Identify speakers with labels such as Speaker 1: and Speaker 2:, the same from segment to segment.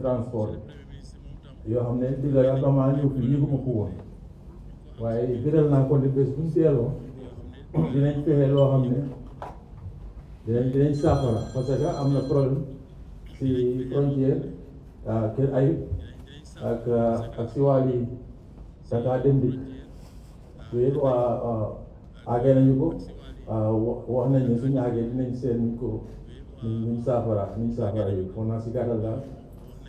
Speaker 1: transport yoo xam ne digga yaa damaa ñëw fii yëguma e ko woon waaye gëral naa ko ne bés bu seeloo dinañ fexe loo xam ne dinañ dinañ saafara parce que problème si frontière kër ayib ak ak si wàlli Dakar Dem Dikk yooyu wa waa àggee nañu ko wax nañ ne suñu àggee dinañ seen ko nuñ saafara nuñ si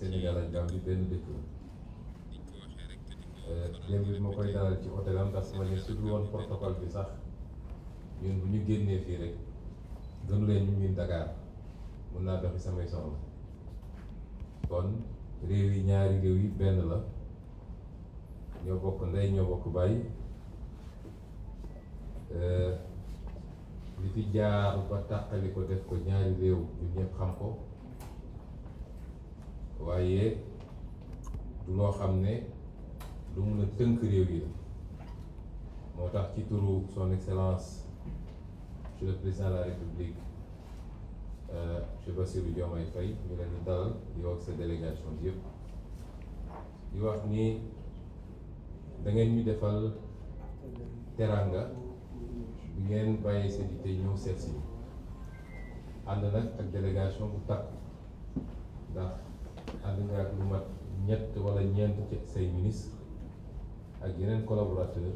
Speaker 2: Sénégal ak Gambie benn dëkk démb euh, bi ma koy dalal ci hôtelam ndax ma ne su dul woon protocole bi sax ñun bu ñu génnee fii rek gënu ñu ñun Dakar mun naa doxi samay soxla kon réew yi ñaari réew yi benn la ñoo bokk ndey ñoo bokk bàyyi euh, li fi jaar ba tàqali ko def ko ñaari réew ñu ñëpp xam ko waaye du loo xam ne lu mun a tënk réew yi moo tax ci turu son excellence monsieur le président de la république euh, monsieur Bassirou Diomaye Faye ñu leen dalal yow ak sa délégation yëpp di wax ni da ñu defal teranga bi ngeen bàyyi seen yitte ñëw seet si ànd nag ak délégation bu tàkk ndax ànd nga ak lu mat ñett wala ñeent ci say ministre ak yeneen collaborateur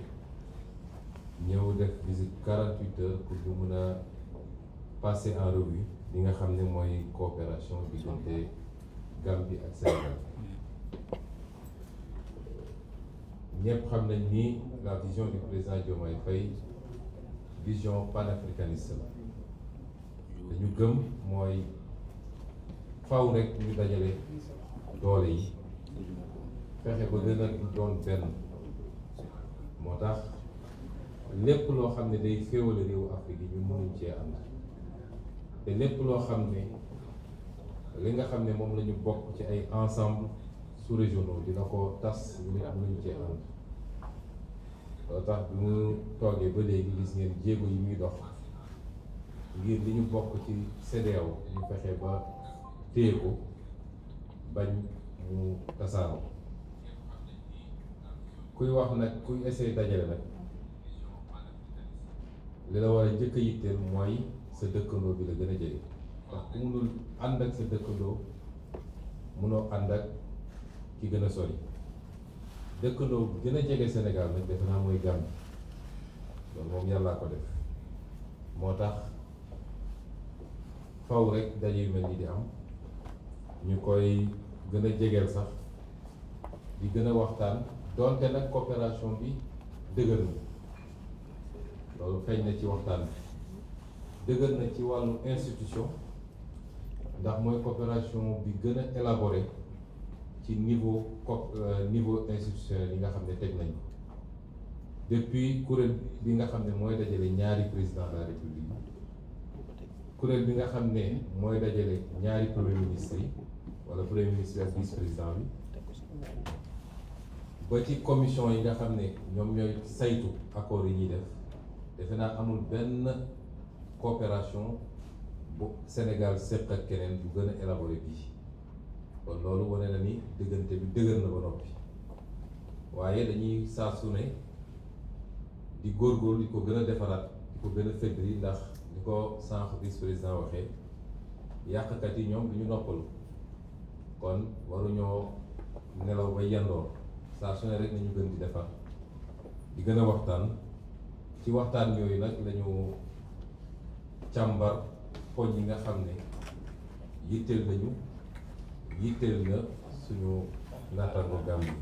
Speaker 2: ñëw def visite quarante huit pour ñu mën a passer en revue li nga xam ne mooy coopération diggante Gambie ak Sénégal ñëpp xam nañ ni la vision du président Diomaye Faye vision panafricaniste la dañu gëm mooy faw rek ñu dajale doole yi fexe ba gën a doon benn moo tax lépp loo xam ne day féewale réewu Afrique yi ñu mënuñ cee am te lépp loo xam ne li nga xam ne moom la ñu bokk ci ay ensemble sous-régionaux dina ko tas ñu mënuñ cee ànd loo tax bi mu toogee ba léegi gis ngeen jéego yi muy dox ngir li ñu bokk ci CEDEAO ñu fexe ba téye ko bañ mu tasaaroo kuy wax nag kuy essayer dajale nag li la war a njëkk a yitteel mooy sa dëkkandoo bi la gën a jege ndax ku mënul ànd ak sa dëkkandoo mënoo ànd ak ki gën a sori dëkkandoo bi gën a jege senegal nag defe naa mooy Gàmbi loolu moom yàllaa ko def moo tax faw rek daje yu mel ni di am ñu koy gën a jegeel sax di gën a waxtaan donte nag coopération bi dëgër na loolu feeñ na ci waxtaan bi dëgër na ci wàllu institution ndax mooy coopération bi gën a élaboré ci niveau co euh, niveau institutionnel yi nga xam ne teg nañu depuis kuréel bi nga xam ne mooy dajale ñaari président de la république kuréel bi nga xam ne mooy dajale ñaari premier ministre yi le premier ministre vice président bi commission yi nga xam ne ñoom saytu accord yi ñuy def defe amul coopération bu Sénégal keneen a élaboré bii kon loolu na ni diggante bi na dañuy ko a ko gën a ndax ni ko président kon waruñoo nelaw ba yandoor saa su ne rek nañu gën di defar di gën a waxtaan ci waxtaan yooyu nag lañu càmbar poñ yi nga xam ne yitteel nañu yitteel na suñu naataango Gàmbi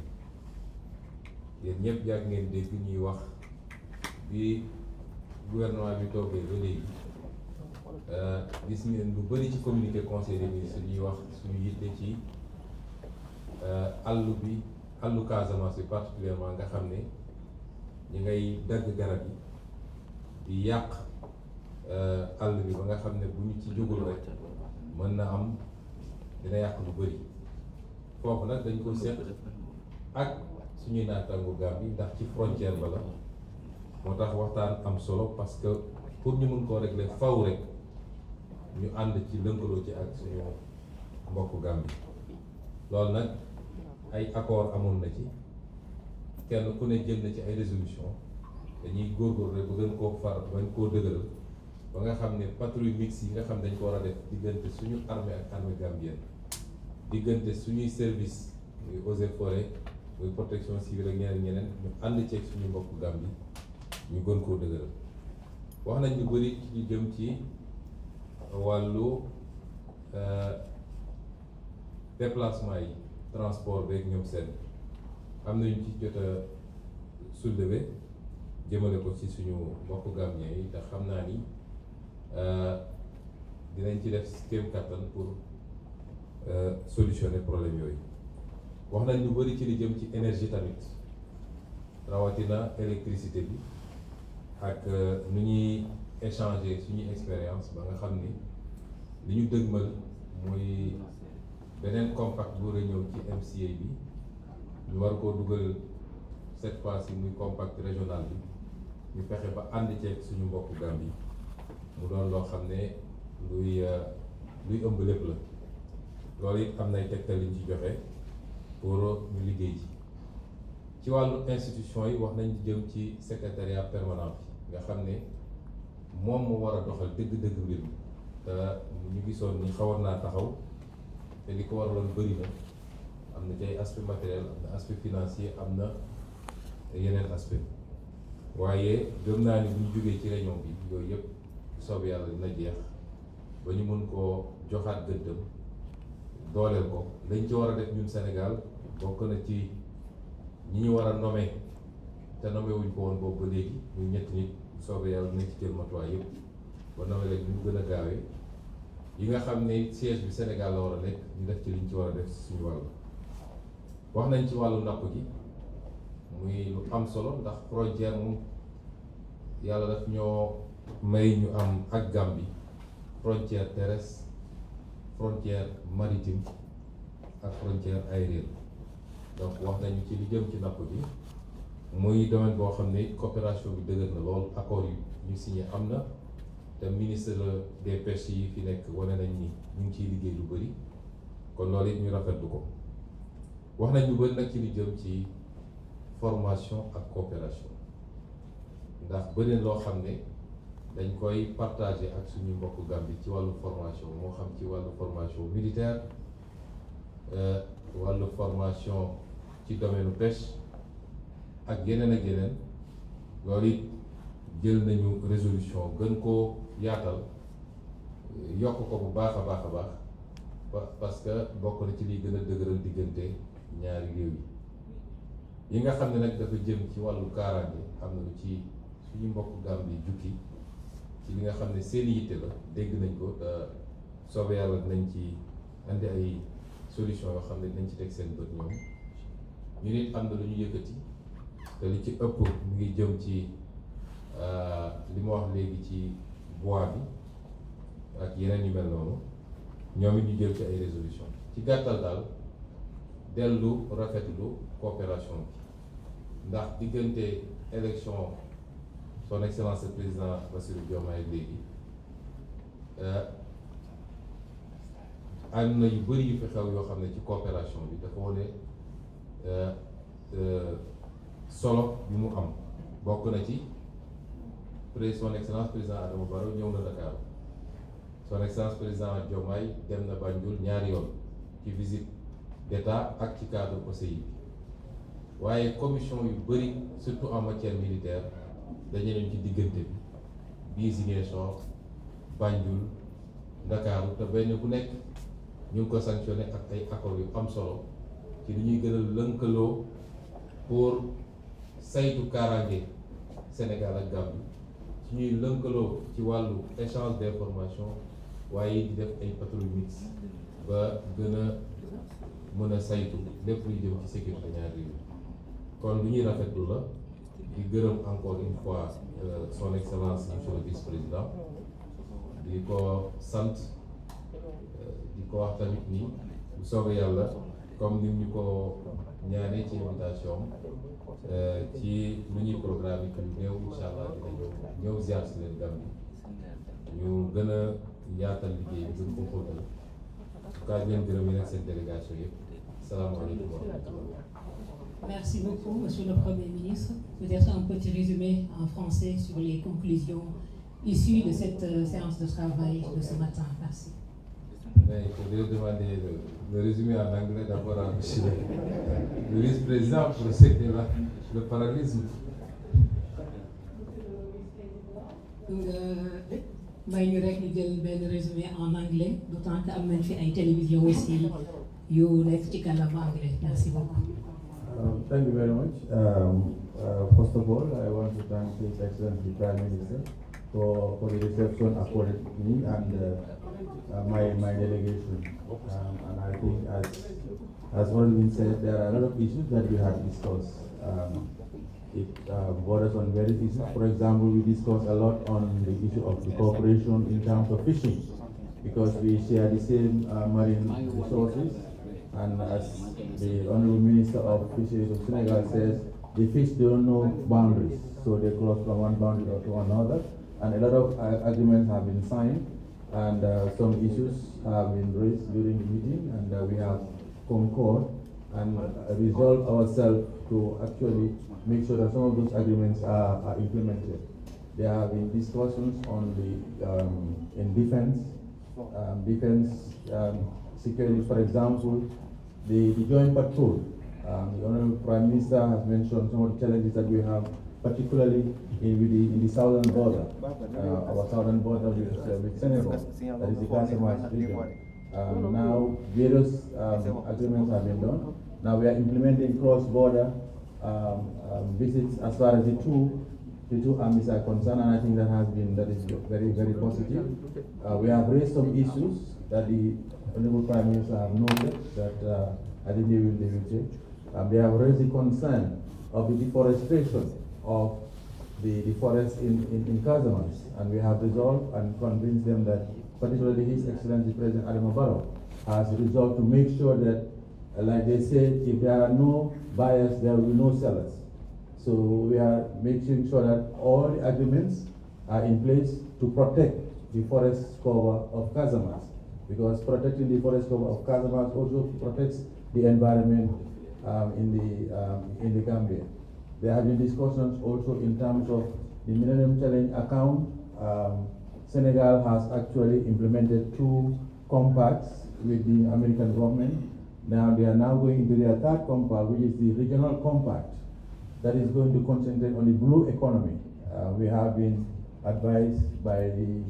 Speaker 2: yéen ñëpp yàgg ngeen dégg ñuy wax bi gouvernement bi toogee ba léegi euh, gis ngeen lu bari ci communiqué conseil des ministres ñuy wax suñu yitte ci euh, àll bi àllu Casamance bi particulièrement nga xam ne ñu ngay dagg garab yi di yàq euh, àll bi ba nga xam ne bu ñu ci jógul rek mën na am dina yàq lu bëri foofu nag dañ ko seet ak suñuy naataango gaab yi ndax ci frontière ba la moo tax waxtaan am solo parce que pour ñu mun koo régler faw rek ñu ànd ci lënkaloo ci ak suñu mbokku Gambie loolu nag ay accord amoon na ci kenn ku ne jën na ci ay résolution dañuy góorgóorlu rek ba gën koo far bañ koo dëgëral ba nga xam ne patrouille mixte yi nga xam ne dañ ko war a def diggante suñu armée ak armée gambienne diggante suñuy service muy eaux et forêt muy protection civile ak ñeneen ñeneen ñu ànd ceeg suñu mbokku Gambie ñu gën koo dëgëral wax nañ lu bëri ci jëm ci wàllu euh, déplacement yi transport beeg ñoom seen am nañu ci jot a soulevé jëmale ko ci suñu mbokk gambien yi te xam naa ni euh, dinañ ci def système kattan pour euh, solutionner problème yooyu wax nañ lu bëri ci li jëm ci énergie tamit rawatina électricité bi ak euh, nu ñuy échanger suñu expérience ba nga xam ni li ñu dëgmal muy beneen compact bu ñëw ci MCA bi ñu war koo dugal cette fois-ci muy compact régional bi ñu fexe ba ànd ceeg suñu mbokku Gambie mu doon loo xam ne luy euh, luy ëmb lépp la loolu it am nay tegtal liñ ci joxe pour ñu liggéey ci ci wàllu institution yi wax nañ jëm ci secrétariat permanent bi nga xam ne moom mu war a doxal dëgg-dëgg mbir mi te ñu gisoon ni xawoon naa taxaw te li ko war bëri na am na ci ay aspect matériel am na aspect financier am na yeneen aspect waaye gëm naa ni bu jógee ci réunion bi yooyu yëpp soob yàlla dina ba ñu mën koo joxaat gëddëm dooleel ko lañ ci war a def ñun Sénégal bokk na ci ñi ñu war a nommer te nommer wuñ ko woon boobu ba léegi ñu ñetti nit soobee yàlla dinañ ci jël matuwaay yëpp ba nommer leen ñu gën a gaawee yi nga xam ne siège bi Sénégal la war a nekk ñu def ci liñ ci war a def suñu wàll wax nañ ci wàllu napp gi muy lu am solo ndax projet moom yàlla daf ñoo may ñu am ak Gambie frontière terrestre frontière maritime ak frontière aérienne donc wax nañu ci li jëm ci napp gi muy domaine boo xam ne coopération bi dëgër na lool accord yu ñu signé am na te ministre des pêches yi fi nekk wane nañ ni ñu ngi ciy liggéey lu bëri kon loolu it ñu rafetlu ko wax nañu lu bëri nag ci li jëm ci formation ak coopération ndax bëri loo xam ne dañ koy partage ak suñu mbokk Gambie ci wàllu formation moo xam ci wàllu formation militaire euh, wàllu formation ci domaine pêche ak yeneen ak geneen loolu it jël nañu résolution gën ko yaatal yokk ko bu baax a baax a baax parce que bokk na ci liy gën a dëgëral diggante ñaari réew yi yi nga xam ne nag dafa jëm ci wàllu kaaraange am na lu ci suñu mbokk Gambie jukki ci li nga xam ne seen yitte la dégg nañ ko te soobee yàlla nañ ci andi ay solution yoo xam ne nañ ci teg seen bët ñoom ñu nit am na lu ñu yëkkati te li ci ëpp mu ngi jëm ci euh, li ma wax léegi ci voie bi ak yeneen yu mel noonu ñoom it ñu jël ci ay résolution ci gàttal daal dellu rafetlu coopération bi ndax diggante élection son excellence le président Bassirou Diomaye léegi ànd eh, na yu bëri yu fi xew yoo xam ne ci coopération bi dafa wane eh, eh, solo bi mu am bokk na ci prés son excellence président Adama Barrow ñëw na Dakar son excellence président Diomaye dem na Banjul ñaar yoon ci visite d'état ak ci cadre OCI waye commission yu bari surtout en matière militaire dañu leen ci digënté bi bii Banjul Dakar te benn ku nekk ñu ko sanctionner ak ay accord yu am solo ci ñuy gën pour saytu karangé Sénégal ak Gambie ñuy lënkaloo ci wàllu échange d' information waaye di def ay patrouille mixte ba gën a mën a saytu lépp luy jëm ci sécurité ñaari réew kon lu ñuy rafetlu la di gërëm encore une fois euh, son excellence monsieur le vice-président di ko sant euh, di ko wax tamit ni bu soobee yàlla comme ni ñu ko ñaanee ci invitation euh, ci lu ñuy programme yi kan néew incha allah dinañ ñëw ziar si leen gàmm ñu gën a yaatal liggéey bi gën ko xóotal en tout cas ngeen gërëm yéen seen délégation yëpp salaamaaleykum wa rahmatullah Merci beaucoup, Monsieur le Premier ministre. Peut-être un petit résumé en français sur les conclusions issues de cette euh, séance de travail de ce matin. Merci. Il faudrait demander le résumé en anglais d'abord le président pour ce qui est le paralysme. Euh, en anglais d'autant que télévision aussi merci beaucoup.
Speaker 1: Um, thank you very much. Um, uh, first of all, I want to thank excellent Prime Minister. for, for the reception accorded me and uh, uh, my, my delegation. Um, and I think, as has already been said, there are a lot of issues that we have discussed. Um, it uh, borders on various issues. For example, we discussed a lot on the issue of the cooperation in terms of fishing, because we share the same uh, marine resources. And as the Honorable Minister of Fisheries of Senegal says, the fish don't know boundaries, so they cross from one boundary to another and a lot of uh, agreements have been signed, and uh, some issues have been raised during the meeting, and uh, we have concord and resolved ourselves to actually make sure that some of those agreements are, are implemented. There have been discussions on the um, in defense, um, defense um, security, for example, the, the joint patrol. Um, the Honorable Prime Minister has mentioned some of the challenges that we have particularly in, the, in the southern border, uh, our southern border with, uh, with Senegal, that is the Casamance region. Um, now, various um, agreements have been done. Now we are implementing cross-border um, um, visits as far as the two the two armies are concerned, and I think that has been that is very very positive. Uh, we have raised some issues that the honourable prime minister have noted that uh, I think they will they will take. Um, they have raised the concern of the deforestation of the, the forest in, in, in And we have resolved and convinced them that, particularly His Excellency President Adam has resolved to make sure that, uh, like they say, if there are no buyers, there will be no sellers. So we are making sure that all the agreements are in place to protect the forest cover of Kazamas, because protecting the forest cover of Kazamas also protects the environment um, in the um, in the Gambia. There have been discussions also in terms of the Millennium Challenge account. Um, Senegal has actually implemented two compacts with the American government. Now they are now going into their third compact, which is the regional compact that is going to concentrate on the blue economy. Uh, we have been advised by the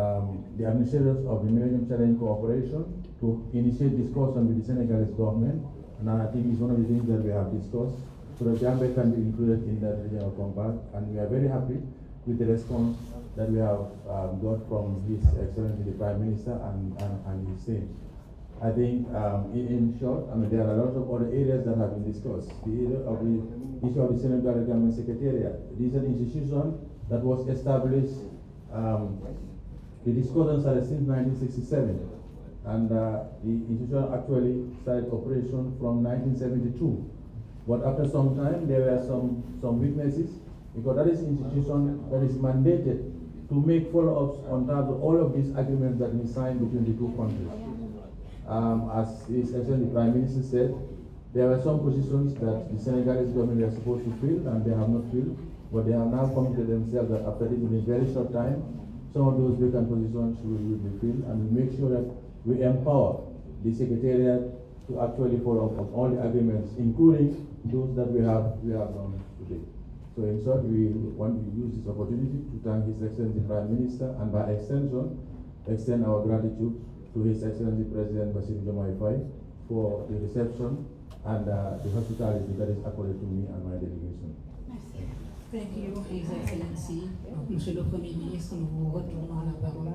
Speaker 1: um, the administrators of the Millennium Challenge Corporation to initiate discussion with the Senegalese government. And I think it's one of the things that we have discussed so can be included in that regional compact. And we are very happy with the response that we have um, got from His Excellency the Prime Minister and, and, and his team. I think, um, in, in, short, I mean, there are a lot of other areas that have been discussed. The issue of the issue of the Senegal Government Secretariat. is an institution that was established, um, the discordance started since 1967, and uh, the institution actually started operation from 1972. But after some time, there were some, some witnesses, because that is institution that is mandated to make follow-ups on of all of these agreements that we signed between the two countries. Um, as His Excellency Prime Minister said, there were some positions that the Senegalese government were supposed to fill and they have not filled, but they have now committed themselves that after this, in a very short time, some of those vacant positions will, will be filled and we make sure that we empower the Secretariat to actually follow up on all the agreements, including those that we have we have done today. So in short, we want to use this opportunity to thank His Excellency Prime Minister and by extension, extend our gratitude to His Excellency President Basim Jomai for the reception and uh, the hospitality that is accorded to me and my delegation. Merci.
Speaker 2: Thank you, His Excellency. Monsieur le Premier ministre, nous vous retournons la parole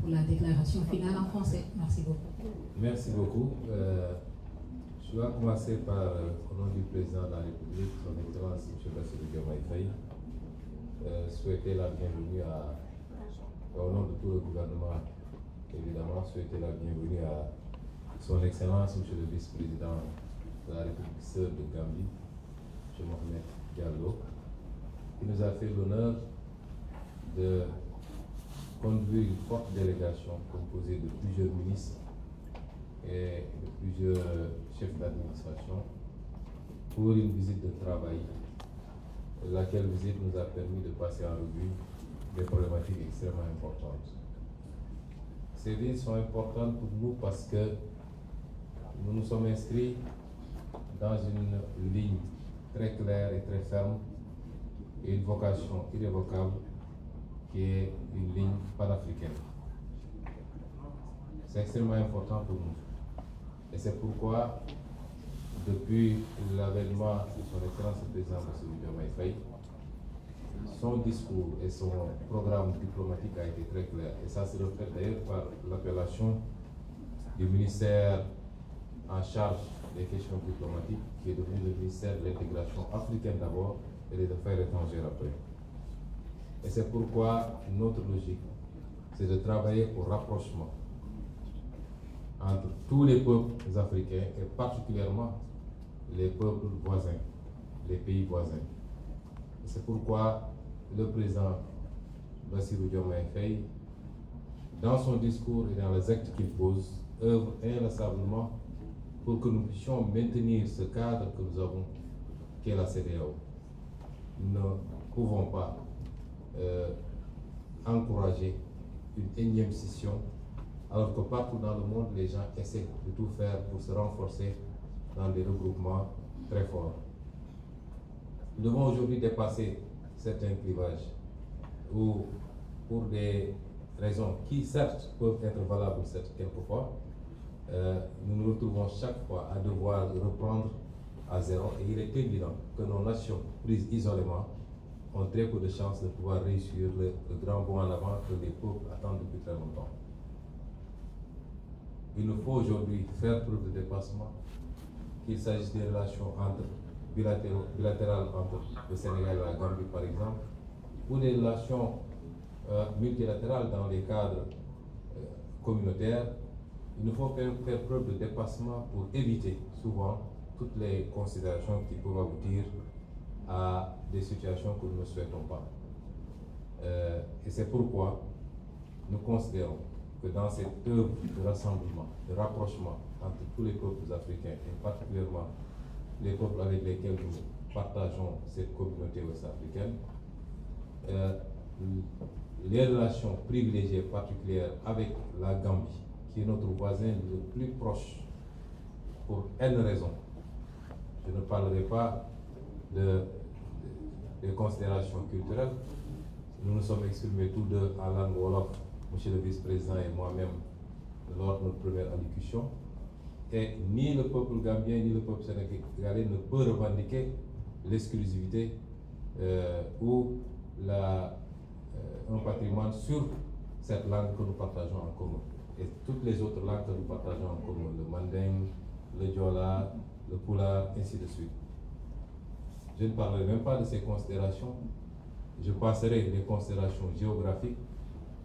Speaker 2: pour la déclaration finale en français. Merci beaucoup. Merci beaucoup. Euh, Je vais commencer par, euh, au nom du président de la République, son Excellence M. Président de euh, souhaiter la bienvenue à, au nom de tout le gouvernement, évidemment, souhaiter la bienvenue à son Excellence M. le Vice-président de la République sœur de Gambie, M. Mohamed Diallo, qui nous a fait l'honneur de conduire une forte délégation composée de plusieurs ministres et plusieurs euh, chefs d'administration pour une visite de travail, laquelle visite nous a permis de passer en revue des problématiques extrêmement importantes. Ces visites sont importantes pour nous parce que nous nous sommes inscrits dans une ligne très claire et très ferme et une vocation irrévocable qui est une ligne panafricaine. C'est extrêmement important pour nous. Et c'est pourquoi depuis l'avènement de son excellence président M. Faye, son discours et son programme diplomatique a été très clair. Et ça se refait d'ailleurs par l'appellation du ministère en charge des questions diplomatiques, qui est devenu le ministère de l'intégration africaine d'abord et des affaires étrangères après. Et c'est pourquoi notre logique, c'est de travailler au rapprochement entre tous les peuples africains et particulièrement les peuples voisins, les pays voisins. C'est pourquoi le président Bassirou Diomaye Faye, dans son discours et dans les actes qu'il pose, œuvre inlassablement pour que nous puissions maintenir ce cadre que nous avons, qui la CDAO. Nous ne pouvons pas euh, encourager une énième scission alors que partout dans le monde, les gens essaient de tout faire pour se renforcer dans des regroupements très forts. Nous devons aujourd'hui dépasser certains clivages où, pour des raisons qui certes peuvent être valables quelquefois, euh, nous nous retrouvons chaque fois à devoir reprendre à zéro et il est évident que nos nations prises isolément ont très peu de chances de pouvoir réussir le, le grand bond en avant que les peuples attendent depuis très longtemps il nous faut aujourd'hui faire preuve de dépassement, qu'il s'agisse des relations bilatérales entre le Sénégal et la Gambie, par exemple, ou des relations euh, multilatérales dans les cadres euh, communautaires, il nous faut faire, preuve de dépassement pour éviter souvent toutes les considérations qui pourraient aboutir à des situations que nous ne souhaitons pas. Euh, et c'est pourquoi nous considérons dans cette œuvre de rassemblement, de rapprochement entre tous les peuples africains et particulièrement les peuples avec lesquels nous partageons cette communauté ouest-africaine, euh, les relations privilégiées particulières avec la Gambie, qui est notre voisin le plus proche pour une raison. Je ne parlerai pas de, de, considérations culturelles. Nous nous sommes exprimés tous deux à l'angle Wolof Monsieur le vice-président et moi-même lors de notre première allocution. Et ni le peuple gambien ni le peuple sénégalais ne peut revendiquer l'exclusivité euh, ou euh, un patrimoine sur cette langue que nous partageons en commun. Et toutes les autres langues que nous partageons en commun, le manding, le diola, le poula, ainsi de suite. Je ne parlerai même pas de ces considérations. Je passerai les considérations géographiques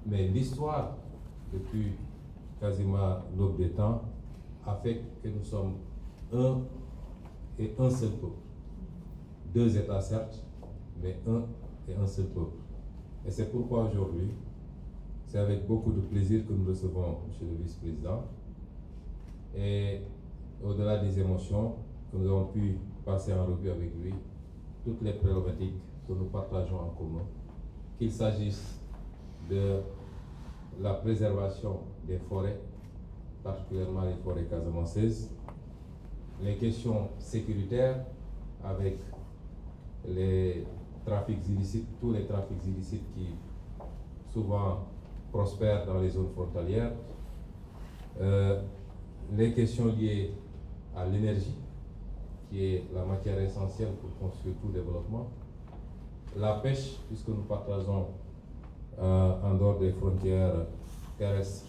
Speaker 2: mais l'histoire, depuis quasiment l'aube des temps, a fait que nous sommes un et un seul peuple. Deux États, certes, mais un et un seul peuple. Et c'est pourquoi aujourd'hui, c'est avec beaucoup de plaisir que nous recevons M. le vice-président. Et au-delà des émotions que nous avons pu passer en revue avec lui, toutes les problématiques que nous partageons en commun, qu'il s'agisse de la préservation des forêts, particulièrement les forêts casamanceuses, les questions sécuritaires avec les trafics illicites, tous les trafics illicites qui souvent prospèrent dans les zones frontalières, euh, les questions liées à l'énergie, qui est la matière essentielle pour construire tout développement, la pêche, puisque nous partageons euh, en dehors des frontières terrestres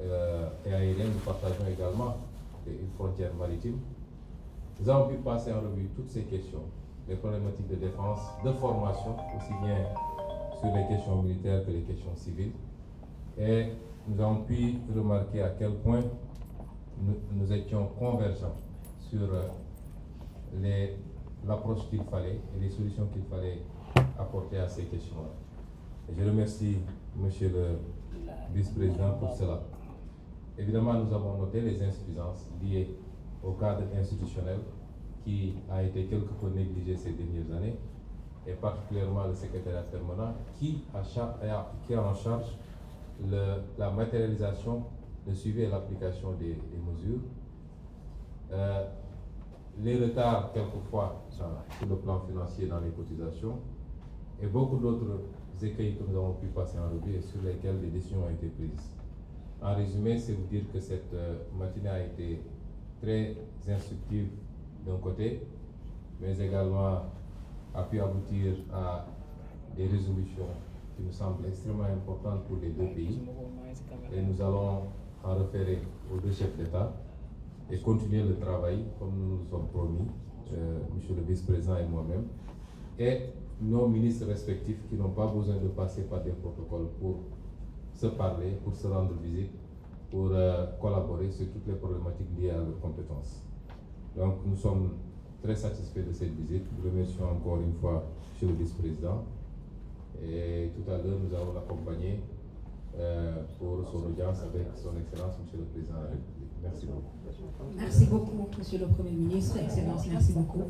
Speaker 2: euh, et aériennes. Nous partageons également une frontière maritime. Nous avons pu passer en revue toutes ces questions, les problématiques de défense, de formation, aussi bien sur les questions militaires que les questions civiles. Et nous avons pu remarquer à quel point nous, nous étions convergents sur euh, l'approche qu'il fallait et les solutions qu'il fallait apporter à ces questions-là je remercie Monsieur le vice-président pour cela. Évidemment, nous avons noté les insuffisances liées au cadre institutionnel qui a été quelque peu négligé ces dernières années, et particulièrement le secrétariat permanent qui a, en charge la matérialisation, le suivi et l'application des, mesures. Euh, les retards quelquefois sur le plan financier dans les cotisations et beaucoup d'autres écueils que nous avons pu passer en revue et sur lesquels les décisions ont été prises. En résumé, c'est vous dire que cette euh, matinée a été très instructive d'un côté, mais également a pu aboutir à des résolutions qui nous semblent extrêmement importantes pour les deux pays. Et nous allons en référer aux deux chefs d'État et continuer le travail comme nous nous sommes promis, euh, Monsieur le Vice-président et moi-même. Et nos ministres respectifs qui n'ont pas besoin de passer par des protocoles pour se parler, pour se rendre visite, pour euh, collaborer sur toutes les problématiques liées à leurs compétences. Donc nous sommes très satisfaits de cette visite. Nous remercions encore une fois M. le vice-président. Et tout à l'heure, nous allons l'accompagner euh, pour son audience avec son Excellence, M. le Président
Speaker 1: Merci beaucoup. Monsieur le Premier ministre. Excellence, merci beaucoup.